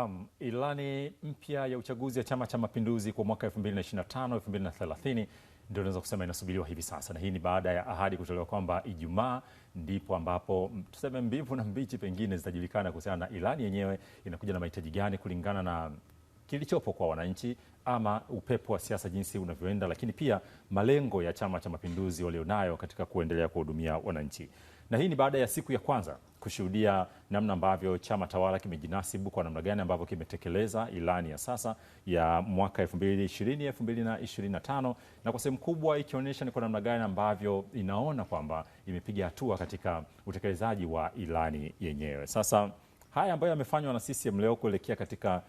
Naam, ilani mpya ya uchaguzi ya Chama cha Mapinduzi kwa mwaka 2025 2030 ndio naweza kusema inasubiriwa hivi sasa, na hii ni baada ya ahadi kutolewa kwamba Ijumaa ndipo ambapo tuseme mbivu na mbichi pengine zitajulikana kuhusiana na ilani yenyewe inakuja na mahitaji gani kulingana na kilichopo kwa wananchi ama upepo wa siasa jinsi unavyoenda, lakini pia malengo ya Chama cha Mapinduzi walionayo katika kuendelea kuhudumia wananchi, na hii ni baada ya siku ya kwanza kushuhudia namna ambavyo chama tawala kimejinasibu kwa namna gani ambavyo kimetekeleza ilani ya sasa ya mwaka 2020 2025, na kwa sehemu kubwa ikionyesha ni kwa namna gani ambavyo inaona kwamba imepiga hatua katika utekelezaji wa ilani yenyewe. Sasa haya ambayo yamefanywa na CCM leo kuelekea katika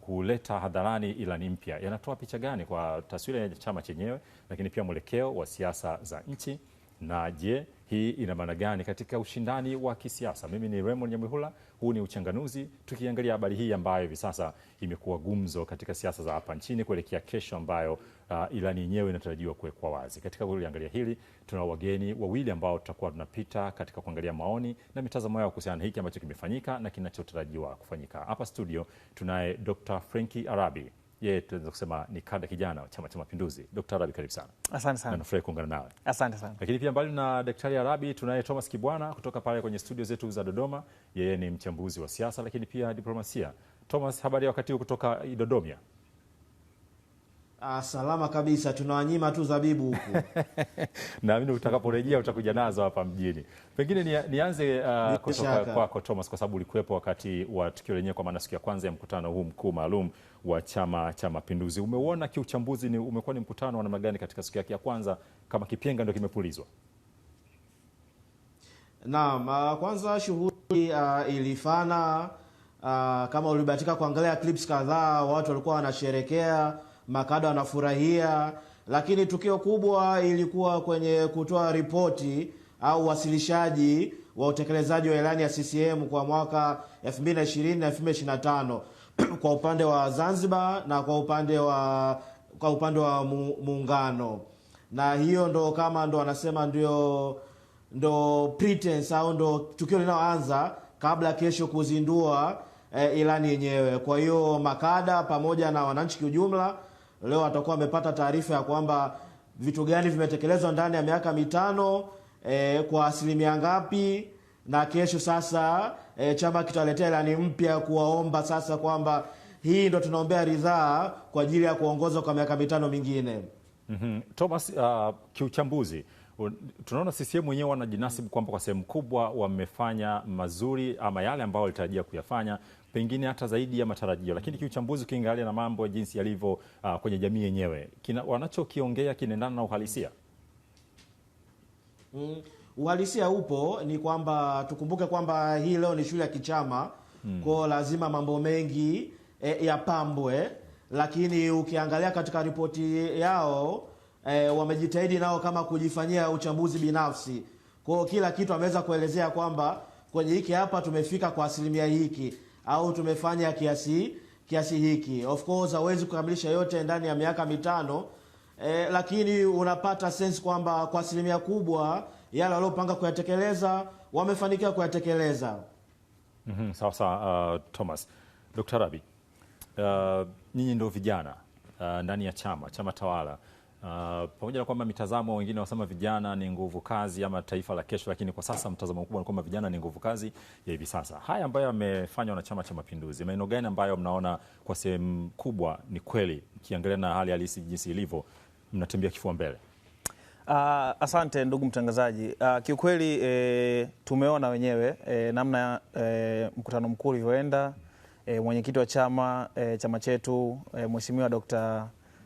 kuleta hadharani ilani mpya yanatoa picha gani kwa taswira ya chama chenyewe, lakini pia mwelekeo wa siasa za nchi? na je, hii ina maana gani katika ushindani wa kisiasa? Mimi ni Raymond Nyamwihula, huu ni Uchanganuzi, tukiangalia habari hii ambayo hivi sasa imekuwa gumzo katika siasa za hapa nchini kuelekea kesho ambayo uh, ilani yenyewe inatarajiwa kuwekwa wazi. Katika kuliangalia hili, tuna wageni wawili ambao tutakuwa tunapita katika kuangalia maoni na mitazamo yao kuhusiana na hiki ambacho kimefanyika na kinachotarajiwa kufanyika. Hapa studio tunaye Dr. Frenki Arabi yeye tunaweza kusema ni kada kijana wa Chama cha Mapinduzi. Dr. Arabi, karibu sana. Asante sana. Nafurahi kuungana nawe. Asante sana. Lakini pia mbali na Daktari Arabi, tunaye Thomas Kibwana kutoka pale kwenye studio zetu za Dodoma. Yeye ni mchambuzi wa siasa lakini pia diplomasia. Thomas, habari ya wakati huu kutoka Dodomia? Ah, salama kabisa, tunawanyima tu zabibu huku naamini utakaporejea utakuja nazo hapa mjini. Pengine nianze ni uh, ah, kutoka kwako Thomas, kwa sababu ulikuwepo wakati wa tukio lenyewe, kwa maana siku ya kwanza ya mkutano huu mkuu maalum wa Chama cha Mapinduzi. Umeuona kiuchambuzi, ni umekuwa ni mkutano wa namna gani katika siku yake ya kwanza kama kipenga ndio kimepulizwa? Naam, ah, kwanza shughuli uh, ilifana uh, kama ulibahatika kuangalia clips kadhaa, watu walikuwa wanasherekea, makada wanafurahia, lakini tukio kubwa ilikuwa kwenye kutoa ripoti au wasilishaji wa utekelezaji wa ilani ya CCM kwa mwaka 2020 na 2025. kwa upande wa Zanzibar na kwa upande wa kwa upande wa muungano, na hiyo ndo kama ndo anasema ndio ndo pretense au ndo tukio linaloanza kabla kesho kuzindua e, ilani yenyewe. Kwa hiyo makada pamoja na wananchi kiujumla leo watakuwa wamepata taarifa ya kwamba vitu gani vimetekelezwa ndani ya miaka mitano e, kwa asilimia ngapi, na kesho sasa e, chama kitaletea ilani mpya kuwaomba sasa kwamba hii ndo tunaombea ridhaa kwa ajili ya kuongoza kwa miaka mitano mingine. mm -hmm. Thomas, uh, kiuchambuzi tunaona CCM wenyewe wanajinasibu kwamba kwa sehemu kubwa wamefanya mazuri ama yale ambayo walitarajia kuyafanya, pengine hata zaidi ya matarajio, lakini kiuchambuzi, ukiangalia na mambo jinsi yalivyo uh, kwenye jamii yenyewe, wanachokiongea kinaendana na uhalisia mm uhalisia upo, ni kwamba tukumbuke kwamba hii leo ni shule ya kichama mm. Kwao lazima mambo mengi e, yapambwe, lakini ukiangalia katika ripoti yao e, wamejitahidi nao kama kujifanyia uchambuzi binafsi. Kwao kila kitu ameweza kuelezea kwamba kwenye hiki hapa tumefika kwa asilimia hiki au tumefanya kiasi kiasi hiki. Of course hawezi kukamilisha yote ndani ya miaka mitano e, lakini unapata sense kwamba kwa asilimia kubwa yale waliopanga kuyatekeleza wamefanikiwa kuyatekeleza. mm -hmm, sawa sawa. Uh, Thomas, Dr. Rabi, uh, nyinyi ndio vijana uh, ndani ya chama chama tawala Uh, pamoja na kwamba mitazamo wengine wanasema vijana ni nguvu kazi ama taifa la kesho, lakini kwa sasa mtazamo mkubwa ni kwamba vijana ni nguvu kazi ya hivi sasa. Haya ambayo yamefanywa na Chama cha Mapinduzi, maeneo gani ambayo mnaona kwa sehemu kubwa ni kweli, ukiangalia na hali halisi jinsi ilivyo mnatembea kifua mbele? Uh, asante ndugu mtangazaji. Uh, kiukweli e, tumeona wenyewe e, namna e, mkutano mkuu ulivyoenda. E, mwenyekiti wa chama e, chama chetu e, Mheshimiwa Dkt.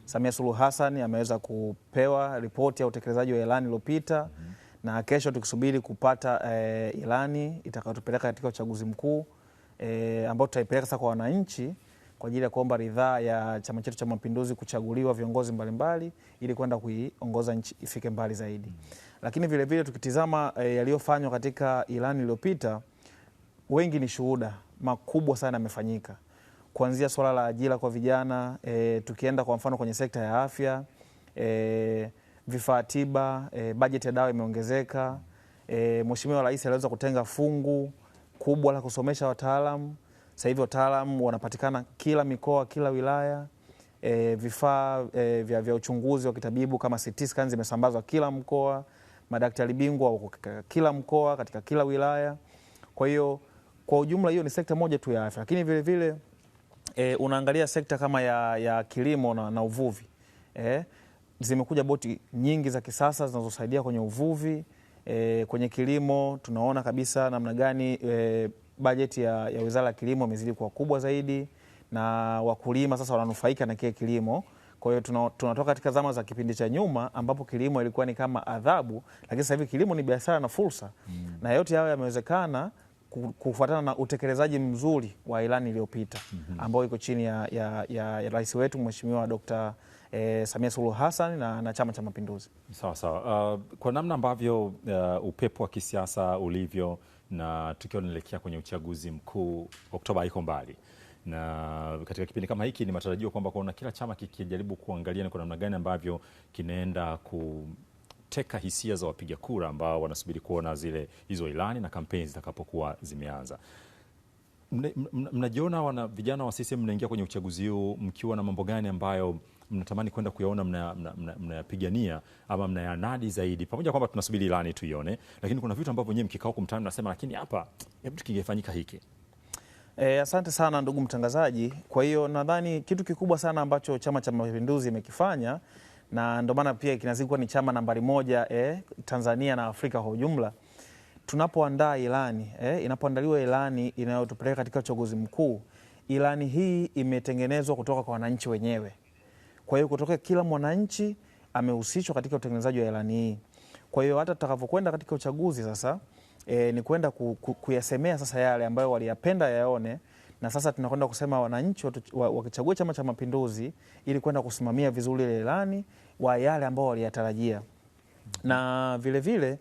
Samia Suluhu Hassan ameweza kupewa ripoti ya utekelezaji wa ilani iliyopita na kesho tukisubiri kupata e, ilani itakayotupeleka katika uchaguzi mkuu e, ambao tutaipeleka sasa kwa wananchi kwa ajili ya kuomba ridhaa ya chama chetu cha Mapinduzi kuchaguliwa viongozi mbalimbali ili kwenda kuiongoza nchi ifike mbali zaidi. mm. Lakini vilevile tukitizama e, yaliyofanywa katika ilani iliyopita, wengi ni shuhuda, makubwa sana yamefanyika, kuanzia swala la ajira kwa vijana e, tukienda kwa mfano kwenye sekta ya afya e, vifaa tiba e, bajeti ya dawa imeongezeka. E, Mheshimiwa Rais aliweza kutenga fungu kubwa la kusomesha wataalamu sasa hivi wataalamu wanapatikana kila mikoa, kila wilaya. E, vifaa e, vya, vya uchunguzi wa kitabibu kama CT scan zimesambazwa kila mkoa, madaktari bingwa wako kila mkoa, katika kila wilaya. Kwa hiyo kwa ujumla hiyo ni sekta moja tu ya afya, lakini vile vile e, unaangalia sekta kama ya, ya kilimo na, na uvuvi e, zimekuja boti nyingi za kisasa zinazosaidia kwenye uvuvi e, kwenye kilimo tunaona kabisa namna gani e, bajeti ya, ya Wizara ya Kilimo imezidi kuwa kubwa zaidi na wakulima sasa wananufaika na kile kilimo. Kwa hiyo tuna, tunatoka katika zama za kipindi cha nyuma ambapo kilimo ilikuwa ni kama adhabu, lakini sasa hivi kilimo ni biashara na fursa mm. na yote hayo yamewezekana kufuatana na utekelezaji mzuri wa ilani iliyopita mm -hmm. ambayo iko chini ya, ya, ya, ya rais wetu Mheshimiwa Dr. E, eh, Samia Suluhu Hassan na, na Chama cha Mapinduzi. Sawa sawa. Uh, kwa namna ambavyo uh, upepo wa kisiasa ulivyo na tukiwa tunaelekea kwenye uchaguzi mkuu, Oktoba iko mbali, na katika kipindi kama hiki ni matarajio kwamba kuona kila chama kikijaribu kuangalia ni kwa namna gani ambavyo kinaenda ku teka hisia za wapiga kura ambao wanasubiri kuona zile hizo ilani na kampeni zitakapokuwa zimeanza. Mnajiona wana vijana wa CCM mnaingia kwenye uchaguzi huu mkiwa na mambo gani ambayo mnatamani kwenda kuyaona mnayapigania mna, mna, mna ama mnayanadi zaidi, pamoja kwamba tunasubiri ilani tuione, lakini kuna vitu ambavyo nyewe mkikao kumtana mnasema, lakini hapa hebu tukingefanyika hiki. E, asante sana ndugu mtangazaji. Kwa hiyo nadhani kitu kikubwa sana ambacho Chama cha Mapinduzi imekifanya na ndio maana pia kinazidi kuwa ni chama nambari moja eh, Tanzania na Afrika kwa ujumla tunapoandaa ilani eh, inapoandaliwa ilani inayotupeleka katika uchaguzi mkuu, ilani hii imetengenezwa kutoka kwa wananchi wenyewe. Kwa hiyo kutoka kila mwananchi amehusishwa katika utengenezaji wa ilani hii. Kwa hiyo hata tutakavyokwenda katika uchaguzi sasa e, ni kwenda ku, ku, kuyasemea sasa yale ambayo waliyapenda yaone, na sasa tunakwenda kusema wananchi wakichagua Chama cha Mapinduzi ili kwenda kusimamia vizuri ile ilani wa yale ambao waliyatarajia na vilevile vile,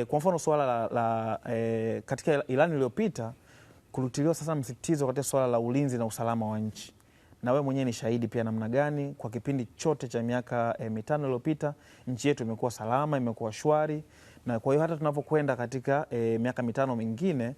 e, kwa mfano suala la, la e, katika ilani iliyopita kulitiliwa sasa msisitizo katika suala la ulinzi na usalama wa nchi na wewe mwenyewe ni shahidi pia namna gani kwa kipindi chote cha miaka e, mitano iliyopita nchi yetu imekuwa salama, imekuwa shwari, na kwa hiyo hata tunapokwenda katika e, miaka mitano mingine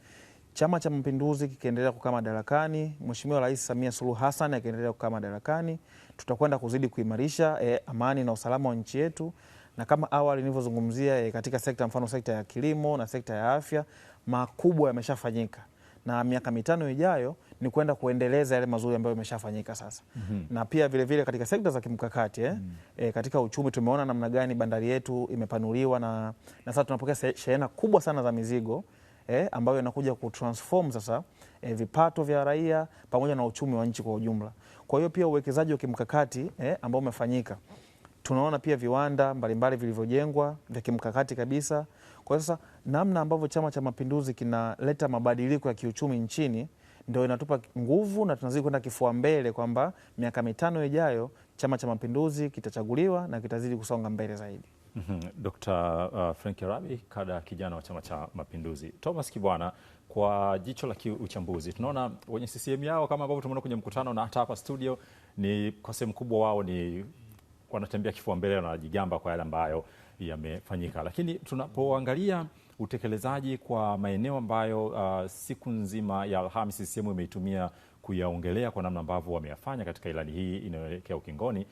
Chama cha Mapinduzi kikiendelea kukaa madarakani, Mheshimiwa Rais Samia Suluhu Hassan akiendelea kukaa madarakani, tutakwenda kuzidi kuimarisha e, amani na usalama wa nchi yetu, na kama awali nilivyozungumzia e, katika sekta mfano sekta ya kilimo na sekta ya afya, makubwa yameshafanyika na miaka mitano ijayo ni kwenda kuendeleza yale mazuri ambayo yameshafanyika sasa. mm -hmm. Na pia vilevile vile katika sekta za kimkakati eh, mm -hmm. e, katika uchumi tumeona namna gani bandari yetu imepanuliwa na, na sasa tunapokea shehena kubwa sana za mizigo eh, ambayo inakuja kutransform sasa eh, vipato vya raia pamoja na uchumi wa nchi kwa ujumla. Kwa hiyo pia uwekezaji wa kimkakati eh, ambao umefanyika tunaona pia viwanda mbalimbali vilivyojengwa vya kimkakati kabisa. Kwa sasa namna ambavyo Chama cha Mapinduzi kinaleta mabadiliko ya kiuchumi nchini ndio inatupa nguvu na tunazidi kwenda kifua mbele kwamba miaka mitano ijayo Chama cha Mapinduzi kitachaguliwa na kitazidi kusonga mbele zaidi. Mm -hmm. Dkt. uh, Frank Arabi kada kijana wa Chama cha Mapinduzi. Thomas Kibwana, kwa jicho la kiuchambuzi tunaona wenye CCM yao kama ambavyo tumeona kwenye mkutano na hata hapa studio, ni kwa sehemu kubwa wao ni wanatembea kifua mbele, wanajigamba kwa yale ambayo yamefanyika. Lakini tunapoangalia utekelezaji kwa maeneo ambayo uh, siku nzima ya Alhamisi sehemu imeitumia kuyaongelea kwa namna ambavyo wameyafanya katika ilani hii inayoelekea ukingoni,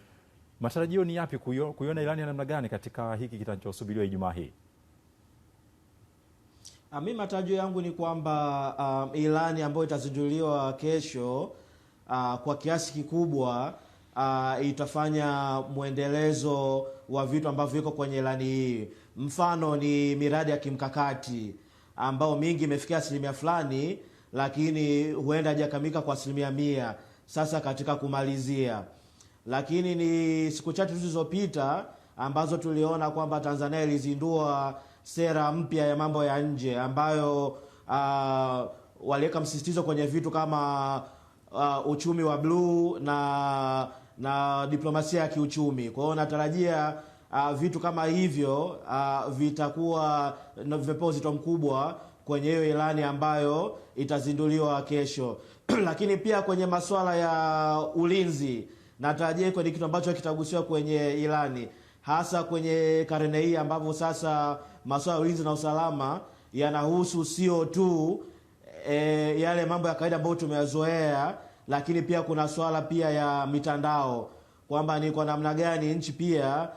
matarajio ni yapi kuiona ilani ya namna gani katika hiki kitachosubiliwa Ijumaa hii? Ah, Mi matarajio yangu ni kwamba um, ilani ambayo itazinduliwa kesho uh, kwa kiasi kikubwa uh, itafanya mwendelezo wa vitu ambavyo viko kwenye ilani hii. Mfano ni miradi ya kimkakati ambao mingi imefikia asilimia fulani, lakini huenda hajakamilika kwa asilimia mia sasa katika kumalizia. Lakini ni siku chache zilizopita ambazo tuliona kwamba Tanzania ilizindua sera mpya ya mambo ya nje ambayo uh, waliweka msisitizo kwenye vitu kama uh, uchumi wa bluu na na diplomasia ya kiuchumi. Kwa hiyo natarajia uh, vitu kama hivyo uh, vitakuwa vimepewa uzito mkubwa kwenye hiyo ilani ambayo itazinduliwa kesho. Lakini pia kwenye masuala ya ulinzi, natarajia kwenye kitu ambacho kitagusiwa kwenye ilani, hasa kwenye karne hii ambapo sasa masuala ya ulinzi na usalama yanahusu sio tu e, yale mambo ya kawaida ambayo tumeyazoea lakini pia kuna swala pia ya mitandao kwamba ni kwa namna gani nchi pia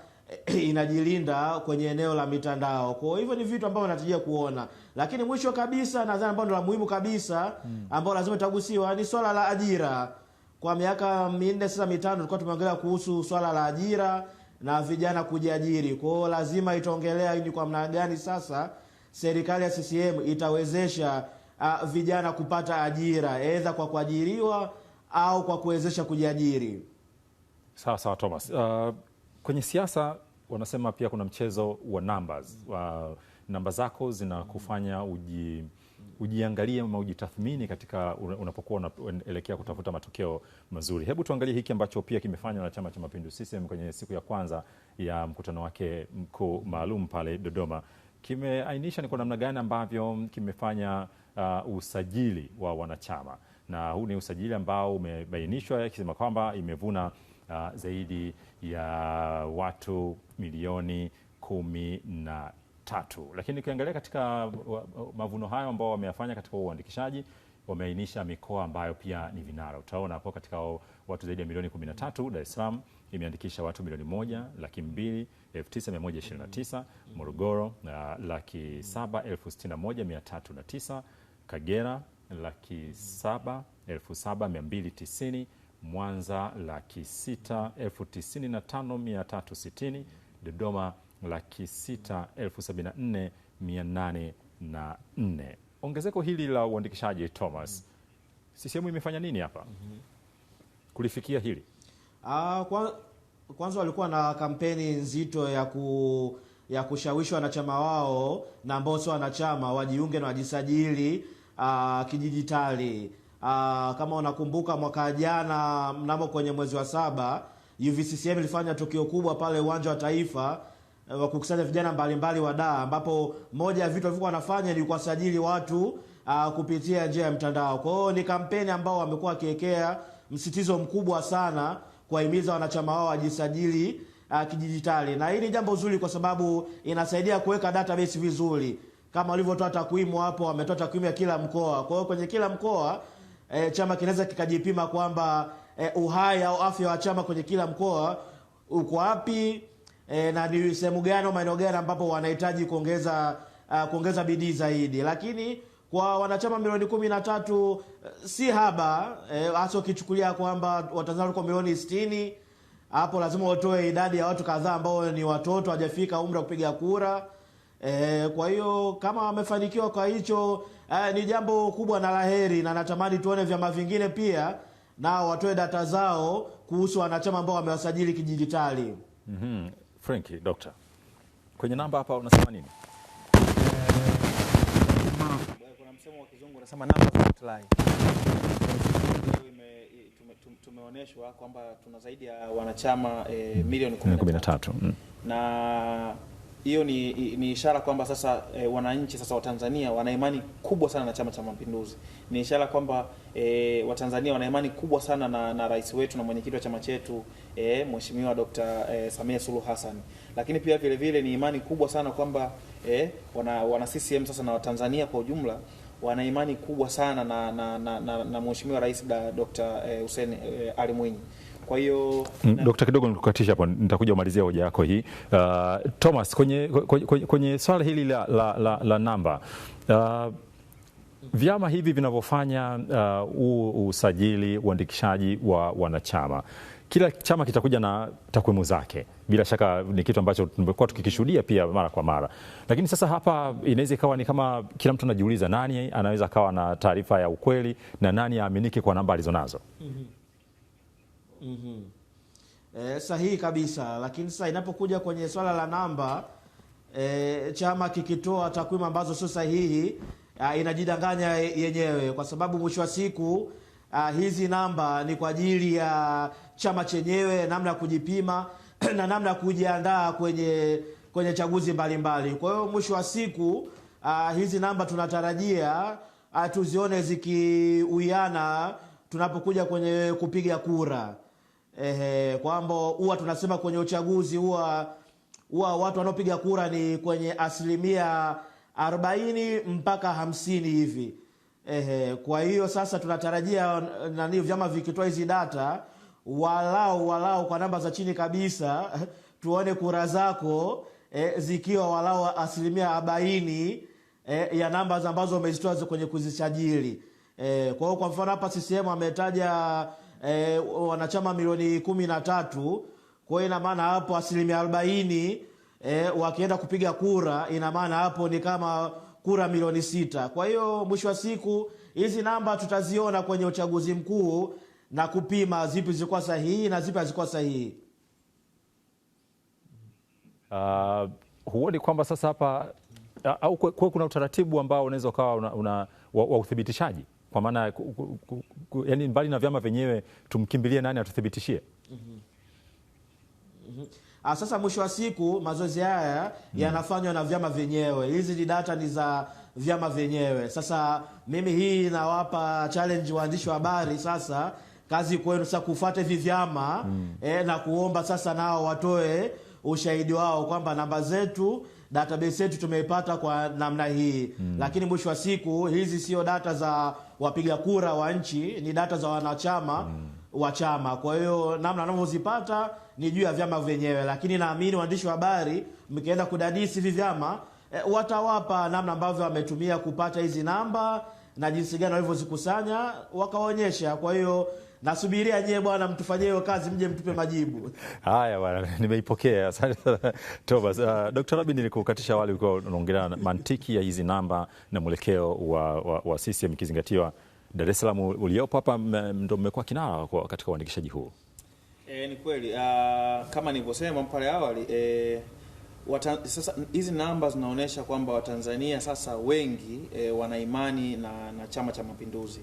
eh, inajilinda kwenye eneo la mitandao. Kwa hivyo ni vitu ambavyo natarajia kuona, lakini mwisho kabisa nadhani ambao ndo la muhimu kabisa hmm. ambao lazima itagusiwa ni swala la ajira. Kwa miaka minne sasa mitano, tulikuwa tumeongelea kuhusu swala la ajira na vijana kujiajiri. Kwa lazima itaongelea ni kwa namna gani sasa serikali ya CCM itawezesha a, vijana kupata ajira edha kwa kuajiriwa au kwa kuwezesha kujiajiri. Sawa sawa, Thomas. Uh, kwenye siasa wanasema pia kuna mchezo wa numbers. Uh, namba zako zinakufanya uji ujiangalie ama ujitathmini katika unapokuwa unaelekea kutafuta matokeo mazuri. Hebu tuangalie hiki ambacho pia kimefanywa na Chama cha Mapinduzi CCM kwenye siku ya kwanza ya mkutano wake mkuu maalum pale Dodoma. Kimeainisha ni kwa namna gani ambavyo kimefanya uh, usajili wa wanachama, na huu ni usajili ambao umebainishwa ikisema kwamba imevuna uh, zaidi ya watu milioni kumi na tatu, lakini ukiangalia katika uh, uh, mavuno hayo ambao wameyafanya katika uandikishaji wameainisha mikoa ambayo pia ni vinara. Utaona hapo katika watu zaidi ya milioni 13, Dar es Salaam imeandikisha watu milioni moja laki mbili elfu tisa mia moja ishirini na tisa Morogoro uh, laki saba elfu sitini na moja mia tatu na tisa Kagera laki saba elfu saba mia mbili tisini Mwanza laki sita elfu tisini na tano mia tatu sitini Dodoma laki sita elfu sabini na nne mia nane na nne. Ongezeko hili la uandikishaji Thomas, CCM imefanya nini hapa kulifikia hili? Uh, kwa, kwanza walikuwa na kampeni nzito ya ku ya kushawishi wanachama wao na ambao sio wanachama wajiunge na wajisajili uh, kidijitali uh, kama unakumbuka mwaka jana mnamo kwenye mwezi wa saba UVCCM ilifanya tukio kubwa pale uwanja wa Taifa eh, wa kukusanya vijana mbalimbali wa daa, ambapo moja ya vitu walivyokuwa wanafanya ni kuwasajili watu uh, kupitia njia ya mtandao. Kwa hiyo ni kampeni ambao wamekuwa wakiwekea msitizo mkubwa sana kuwahimiza wanachama wao wajisajili uh, kidijitali, na hii ni jambo zuri kwa sababu inasaidia kuweka database vizuri kama walivyotoa takwimu hapo, wametoa takwimu ya kila mkoa. Kwa hiyo kwenye kila mkoa e, chama kinaweza kikajipima kwamba e, uhai au afya wa chama kwenye kila mkoa uko wapi e, na ni sehemu gani au maeneo gani ambapo wanahitaji kuongeza uh, kuongeza bidii zaidi, lakini kwa wanachama milioni kumi na tatu si haba hasa, eh, ukichukulia kwamba Watanzania walikuwa milioni sitini hapo lazima watoe idadi ya watu kadhaa ambao ni watoto hawajafika umri wa kupiga kura. E, kwa hiyo kama wamefanikiwa kwa hicho e, ni jambo kubwa na laheri, na natamani tuone vyama vingine pia nao watoe data zao kuhusu wanachama ambao wamewasajili kidijitali. mm -hmm. Franki, doctor, kwenye namba hapa unasema nini? Eh, kuna msemo wa kizungu unasema namba tumeonyeshwa kwamba tuna zaidi ya wanachama e, milioni 13 na hiyo ni, ni ishara kwamba sasa e, wananchi sasa Watanzania wana imani kubwa sana na Chama cha Mapinduzi. Ni ishara kwamba e, eh, Watanzania wana imani kubwa sana na, na rais wetu na mwenyekiti wa chama chetu e, Mheshimiwa Dr. e, Samia Suluhu Hassan, lakini pia vile vile ni imani kubwa sana kwamba e, wana, wana CCM sasa na Watanzania kwa ujumla wana imani kubwa sana na, na, na, na, na Mheshimiwa Rais Dr. Hussein e, Ali Mwinyi. Kwa hiyo mm, Dokta, kidogo nikukatisha hapo, nitakuja kumalizia hoja yako hii. Uh, Thomas, kwenye, kwenye, kwenye swala hili la, la, la, la namba uh, vyama hivi vinavyofanya huu uh, usajili uandikishaji wa wanachama kila chama kitakuja na takwimu zake, bila shaka ni kitu ambacho tumekuwa tukikishuhudia pia mara kwa mara. Lakini sasa hapa inaweza ikawa ni kama kila mtu anajiuliza, nani anaweza akawa na taarifa ya ukweli na nani aaminike kwa namba alizonazo? mm -hmm mm -hmm. E, sahihi kabisa, lakini sasa inapokuja kwenye swala la namba e, chama kikitoa takwimu ambazo sio sahihi a, ah, inajidanganya yenyewe kwa sababu mwisho wa siku a, ah, hizi namba ni kwa ajili ya chama chenyewe, namna ya kujipima na namna ya kujiandaa kwenye kwenye chaguzi mbalimbali. Kwa hiyo mwisho wa siku a, ah, hizi namba tunatarajia tuzione zikiuiana tunapokuja kwenye kupiga kura eh, kwamba huwa tunasema kwenye uchaguzi huwa huwa watu wanaopiga kura ni kwenye asilimia 40 mpaka hamsini hivi. Ehe, kwa hiyo sasa tunatarajia nani, vyama vikitoa hizi data walau walau kwa namba za chini kabisa tuone kura zako e, zikiwa walau asilimia 40 e, ya namba ambazo umezitoa kwenye kuzisajili. E, kwa hiyo kwa mfano hapa CCM ametaja e, wanachama milioni kumi na tatu. Kwa hiyo ina maana hapo asilimia arobaini e, wakienda kupiga kura, ina maana hapo ni kama kura milioni sita. Kwa hiyo mwisho wa siku hizi namba tutaziona kwenye uchaguzi mkuu na kupima zipi zilikuwa sahihi na zipi hazikuwa sahihi. Uh, huoni kwamba sasa hapa au kuna utaratibu ambao unaweza ukawa una, una, wa, wa uthibitishaji kwa maana yani, mbali na vyama vyenyewe tumkimbilie nani atuthibitishie? mm -hmm. mm -hmm. Ah, sasa mwisho wa siku mazoezi haya mm. yanafanywa na vyama vyenyewe. Hizi ni data ni za vyama vyenyewe. Sasa mimi hii nawapa challenge waandishi wa habari, sasa kazi kwenu sasa kufuata hivi vyama mm. eh, na kuomba sasa nao watoe ushahidi wao kwamba namba zetu database yetu tumeipata kwa namna hii mm. Lakini mwisho wa siku hizi sio data za wapiga kura wa nchi, ni data za wanachama mm. wa chama. Kwa hiyo namna wanavyozipata ni juu ya vyama vyenyewe, lakini naamini waandishi wa habari mkienda kudadisi hivi vyama e, watawapa namna ambavyo wametumia kupata hizi namba na jinsi gani walivyozikusanya wakaonyesha. Kwa hiyo Nasubiria nyewe bwana, mtufanyie hiyo kazi, mje mtupe majibu haya bwana. Nimeipokea, asante sana Thomas. Uh, ah, Dkt. Rabi, nilikukatisha awali ukiwa unaongelea mantiki ya hizi namba na mwelekeo wa, wa, wa CCM ikizingatiwa Dar es Salaam uliopo hapa ndo mmekuwa kinara katika uandikishaji huu. E, ni kweli uh, kama nilivyosema pale awali e, sasa hizi namba zinaonyesha kwamba Watanzania sasa wengi e, wana imani na, na Chama cha Mapinduzi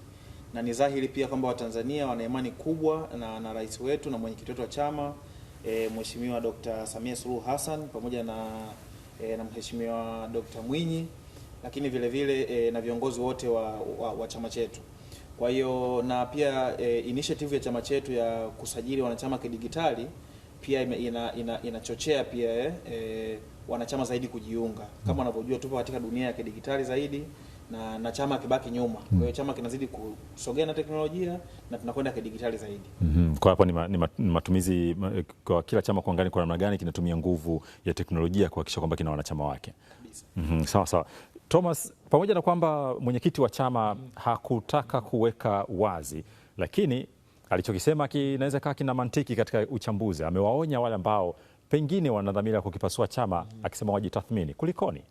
na ni dhahiri pia kwamba Watanzania wana imani kubwa na, na rais wetu na mwenyekiti wetu wa chama e, Mheshimiwa Dr. Samia Suluhu Hassan pamoja na, e, na Mheshimiwa Dr. Mwinyi lakini vile vile e, na viongozi wote wa, wa, wa chama chetu. Kwa hiyo na pia e, initiative ya chama chetu ya kusajili wanachama kidigitali pia ina, ina, inachochea pia e, e wanachama zaidi kujiunga. Kama wanavyojua tupo katika dunia ya kidigitali zaidi na, na chama kibaki nyuma. Kwa hiyo chama kinazidi kusogea na teknolojia na tunakwenda kidigitali zaidi. Mm -hmm. Kwa hapo ni, ni matumizi kwa kila chama kuangani kwa namna gani kinatumia nguvu ya teknolojia kuhakikisha kwamba kina wanachama wake. Mm -hmm. Sawa sawa. Thomas, pamoja na kwamba mwenyekiti wa chama mm-hmm. hakutaka kuweka wazi, lakini alichokisema kinaweza kaa kina mantiki katika uchambuzi. Amewaonya wale ambao pengine wanadhamira kukipasua chama, mm-hmm. akisema wajitathmini. Kulikoni?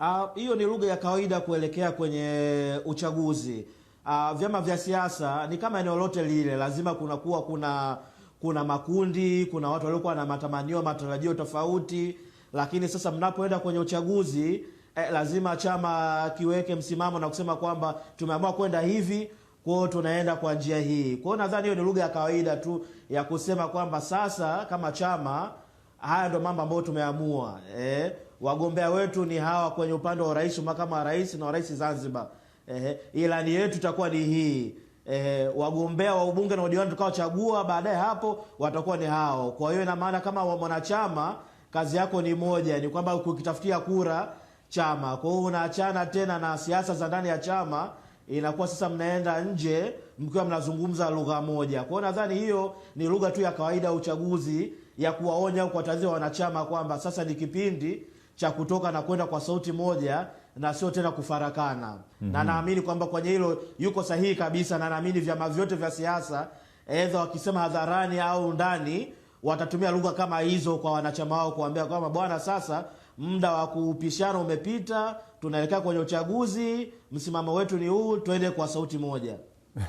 Ah, hiyo uh, ni lugha ya kawaida kuelekea kwenye uchaguzi. Uh, vyama vya siasa ni kama eneo lote lile, lazima kunakuwa kuna kuna makundi, kuna watu waliokuwa na matamanio, matarajio tofauti, lakini sasa mnapoenda kwenye uchaguzi eh, lazima chama kiweke msimamo na kusema kwamba tumeamua kwenda hivi kwao, tunaenda kwa njia hii. Kwa hiyo nadhani hiyo ni lugha ya kawaida tu ya kusema kwamba sasa kama chama, haya ndo mambo ambayo tumeamua eh wagombea wetu ni hawa kwenye upande wa urais, makamu wa rais na rais Zanzibar. Ehe, ilani yetu itakuwa ni hii. Ehe, wagombea wa ubunge na udiwani tukaochagua baadaye hapo watakuwa ni hao. Kwa hiyo ina maana kama mwanachama kazi yako ni moja, ni kwamba ukitafutia kura chama. Kwa hiyo unaachana tena na siasa za ndani ya chama, inakuwa sasa mnaenda nje mkiwa mnazungumza lugha moja. Kwa hiyo nadhani hiyo ni lugha tu ya kawaida ya uchaguzi ya kuwaonya au kuwatazia wanachama kwamba sasa ni kipindi cha kutoka na kwenda kwa sauti moja na sio tena kufarakana. mm -hmm. Na mhm. naamini kwamba kwenye hilo yuko sahihi kabisa, na naamini vyama vyote vya siasa edha wakisema hadharani au ndani watatumia lugha kama hizo kwa wanachama wao kuambia kwamba bwana, sasa muda wa kupishana umepita, tunaelekea kwenye uchaguzi, msimamo wetu ni huu, twende kwa sauti moja.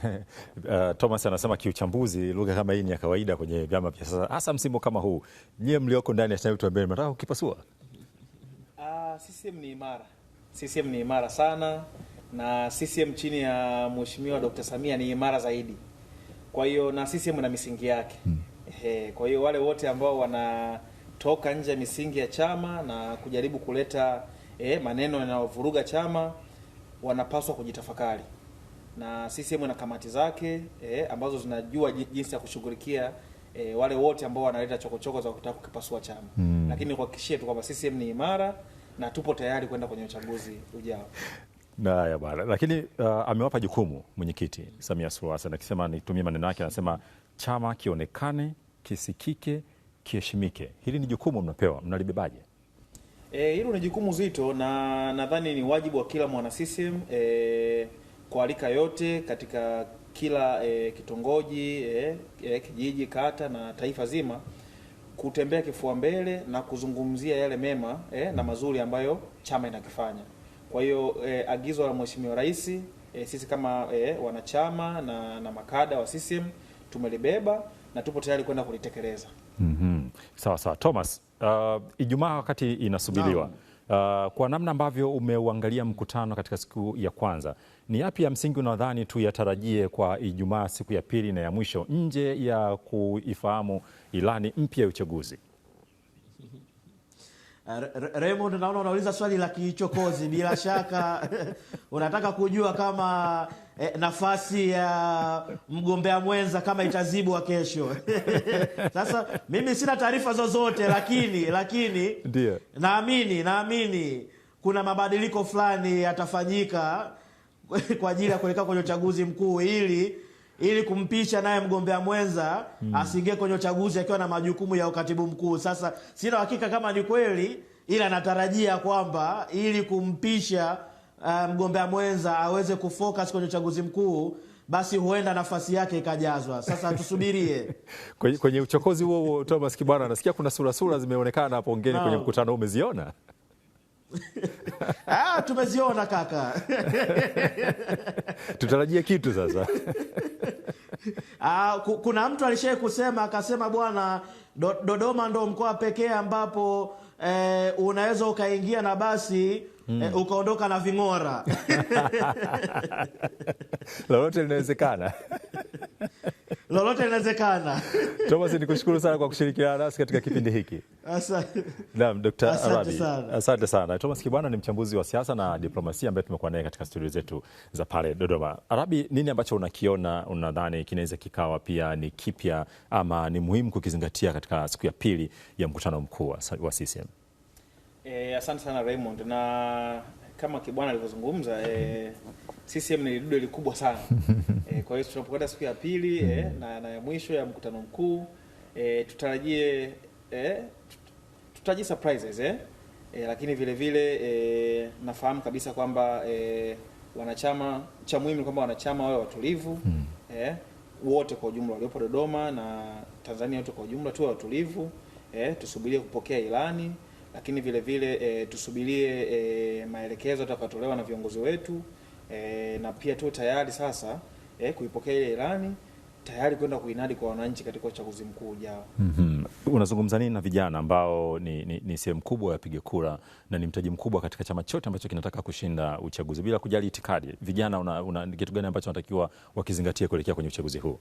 Uh, Thomas anasema kiuchambuzi, lugha kama hii ni ya kawaida kwenye vyama vya sasa hasa msimu kama huu. Nyie mlioko ndani ya chama tuambie, mnataka kukipasua? CCM ni imara, CCM ni imara sana, na CCM chini ya Mheshimiwa Dr. Samia ni imara zaidi. Kwa hiyo na CCM na misingi yake hmm. He, kwa hiyo wale wote ambao wanatoka nje ya misingi ya chama na kujaribu kuleta eh, maneno yanayovuruga chama wanapaswa kujitafakari, na CCM na kamati zake eh, ambazo zinajua jinsi ya kushughulikia eh, wale wote ambao wanaleta chokochoko za kutaka kukipasua chama mm. Lakini kuhakikishia tu kwamba CCM ni imara na tupo tayari kwenda kwenye uchaguzi ujao. Haya bwana, lakini uh, amewapa jukumu mwenyekiti Samia Suluhu Hassan akisema, nitumie maneno yake, anasema chama kionekane, kisikike, kiheshimike. Hili ni jukumu mnapewa, mnalibebaje? E, hilo ni jukumu zito na nadhani ni wajibu wa kila mwana CCM e, kwa yote katika kila e, kitongoji e, e, kijiji, kata na taifa zima kutembea kifua mbele na kuzungumzia yale mema eh, na mazuri ambayo chama inakifanya. Kwa hiyo eh, agizo la Mheshimiwa Rais eh, sisi kama eh, wanachama na, na makada wa CCM tumelibeba na tupo tayari kwenda kulitekeleza. mm -hmm. Sawa sawa Thomas, uh, Ijumaa wakati inasubiriwa no. Uh, kwa namna ambavyo umeuangalia mkutano katika siku ya kwanza, ni yapi ya msingi unadhani tu yatarajie kwa Ijumaa siku ya pili na ya mwisho nje ya kuifahamu ilani mpya ya uchaguzi? Uh, Raymond, naona unauliza swali la kichokozi bila shaka unataka kujua kama E, nafasi ya mgombea mwenza kama itazibwa kesho. Sasa mimi sina taarifa zozote, lakini lakini naamini naamini kuna mabadiliko fulani yatafanyika kwa ajili ya kuelekea kwenye uchaguzi mkuu ili ili kumpisha naye mgombea mwenza hmm, asiingie kwenye uchaguzi akiwa na majukumu ya ukatibu mkuu. Sasa sina hakika kama ni kweli, ila natarajia kwamba ili kumpisha uh, mgombea mwenza aweze kufocus kwenye uchaguzi mkuu basi huenda nafasi yake ikajazwa. Sasa tusubirie kwenye, kwenye uchokozi huo huo. Thomas Kibwana, nasikia kuna surasura zimeonekana hapo ngeni no. kwenye mkutano umeziona? Ah, tumeziona kaka tutarajie kitu sasa. Ah, kuna mtu alishai kusema akasema, bwana Dodoma ndo mkoa pekee ambapo eh, unaweza ukaingia na basi mm. Eh, ukaondoka na ving'ora lolote linawezekana. lolote linawezekana. Thomas, nikushukuru sana kwa kushirikiana nasi katika kipindi hiki. Asante. Naam, Dr. Arabi. Asante sana. Thomas Kibwana ni mchambuzi wa siasa na diplomasia ambaye tumekuwa naye katika studio zetu za pale Dodoma. Arabi, nini ambacho unakiona unadhani kinaweza kikawa pia ni kipya ama ni muhimu kukizingatia katika siku ya pili ya mkutano mkuu wa CCM? Eh, asante sana Raymond, na kama Kibwana alivyozungumza eh, CCM ni dude likubwa sana eh, kwa hiyo tunapokwenda siku ya pili eh, mm-hmm. na, na ya mwisho ya mkutano mkuu eh, tutarajie eh, tutarajie surprises eh? eh, lakini vile vile eh, nafahamu kabisa kwamba eh, wanachama cha muhimu ni kwamba wanachama wawe watulivu mm. wote kwa ujumla waliopo Dodoma na Tanzania yote kwa ujumla tuwe watulivu eh, tusubirie kupokea ilani lakini vile vile e, tusubirie e, maelekezo yatakayotolewa na viongozi wetu e, na pia tu tayari sasa e, kuipokea ile ilani tayari kwenda kuinadi kwa wananchi katika uchaguzi mkuu ujao. mm -hmm. Unazungumza nini na vijana ambao ni, ni, ni sehemu kubwa ya piga kura na ni mtaji mkubwa katika chama chote ambacho kinataka kushinda uchaguzi bila kujali itikadi? Vijana una, una kitu gani ambacho wanatakiwa wakizingatia kuelekea kwenye uchaguzi huu?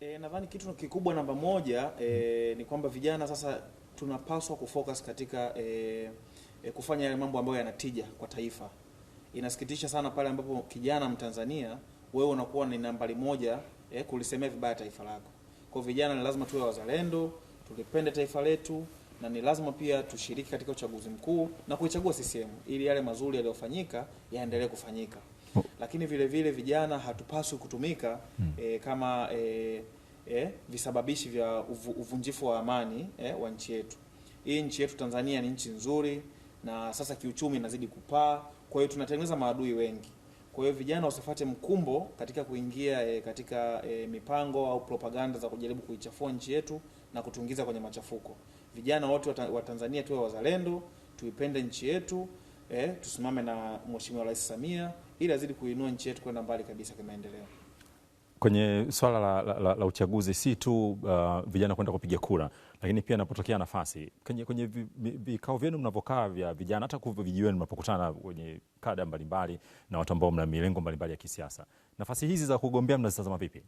E, nadhani kitu kikubwa namba moja e, ni kwamba vijana sasa tunapaswa kufocus katika e, e, kufanya yale mambo ambayo yanatija kwa taifa. Inasikitisha sana pale ambapo kijana Mtanzania wewe unakuwa ni nambari moja e, kulisemea vibaya taifa lako. Kwa vijana ni lazima tuwe wazalendo, tulipende taifa letu na ni lazima pia tushiriki katika uchaguzi mkuu na kuichagua CCM ili yale mazuri yaliyofanyika yaendelee kufanyika. Oh. Lakini vile vile vijana hatupaswi kutumika e, kama e, eh, visababishi vya uvu, uvunjifu wa amani eh, wa nchi yetu. Hii nchi yetu Tanzania ni nchi nzuri na sasa kiuchumi inazidi kupaa, kwa hiyo tunatengeneza maadui wengi. Kwa hiyo vijana wasifate mkumbo katika kuingia eh, katika eh, mipango au propaganda za kujaribu kuichafua nchi yetu na kutuingiza kwenye machafuko. Vijana wote wa Tanzania tuwe wazalendo, tuipende nchi yetu eh, tusimame na Mheshimiwa Rais Samia ili azidi kuinua nchi yetu kwenda mbali kabisa kimaendeleo kwenye swala la, la, la, la uchaguzi si tu uh, vijana kwenda kupiga kura, lakini pia inapotokea nafasi kwenye, kwenye vikao vyenu mnavyokaa vya vijana, hata vijiweni mnapokutana kwenye kada mbalimbali na watu ambao mna milengo mbalimbali ya kisiasa, nafasi hizi za kugombea mnazitazama vipi?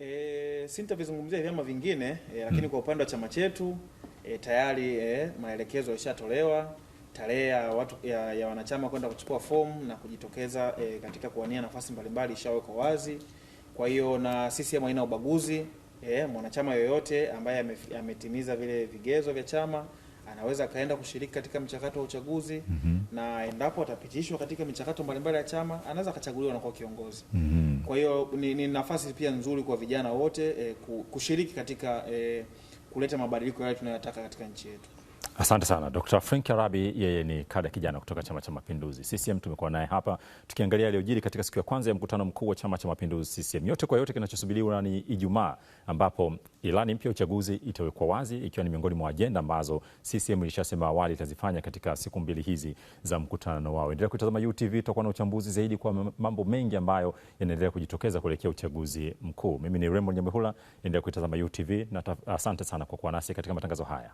E, sintavizungumzia vyama vingine e, lakini mm. kwa upande wa chama chetu e, tayari e, maelekezo yashatolewa tarehe ya watu ya, ya wanachama kwenda kuchukua fomu na kujitokeza e, katika kuwania nafasi mbalimbali ishawekwa wazi. Kwa hiyo na CCM haina ubaguzi e, mwanachama yoyote ambaye ametimiza vile vigezo vya chama anaweza akaenda kushiriki katika mchakato wa uchaguzi mm -hmm. na endapo atapitishwa katika michakato mbalimbali ya chama anaweza akachaguliwa na kuwa kiongozi mm -hmm. kwa hiyo ni, ni nafasi pia nzuri kwa vijana wote e, kushiriki katika e, kuleta mabadiliko yale tunayotaka katika nchi yetu. Asante sana Dr. Frank Arabi, yeye ni kada kijana kutoka Chama cha Mapinduzi CCM. Tumekuwa naye hapa tukiangalia aliyojiri katika siku ya kwanza ya mkutano mkuu wa Chama cha Mapinduzi CCM. Yote kwa yote, kinachosubiriwa ni Ijumaa ambapo ilani mpya ya uchaguzi itawekwa wazi, ikiwa ni miongoni mwa ajenda ambazo CCM ilishasema awali itazifanya katika siku mbili hizi za mkutano wao. Endelea kutazama UTV, tutakuwa na uchambuzi zaidi kwa mambo mengi ambayo yanaendelea kujitokeza kuelekea uchaguzi mkuu. Mimi ni Raymond Nyambehula, endelea kuitazama UTV na asante sana kwa kuwa nasi katika matangazo haya.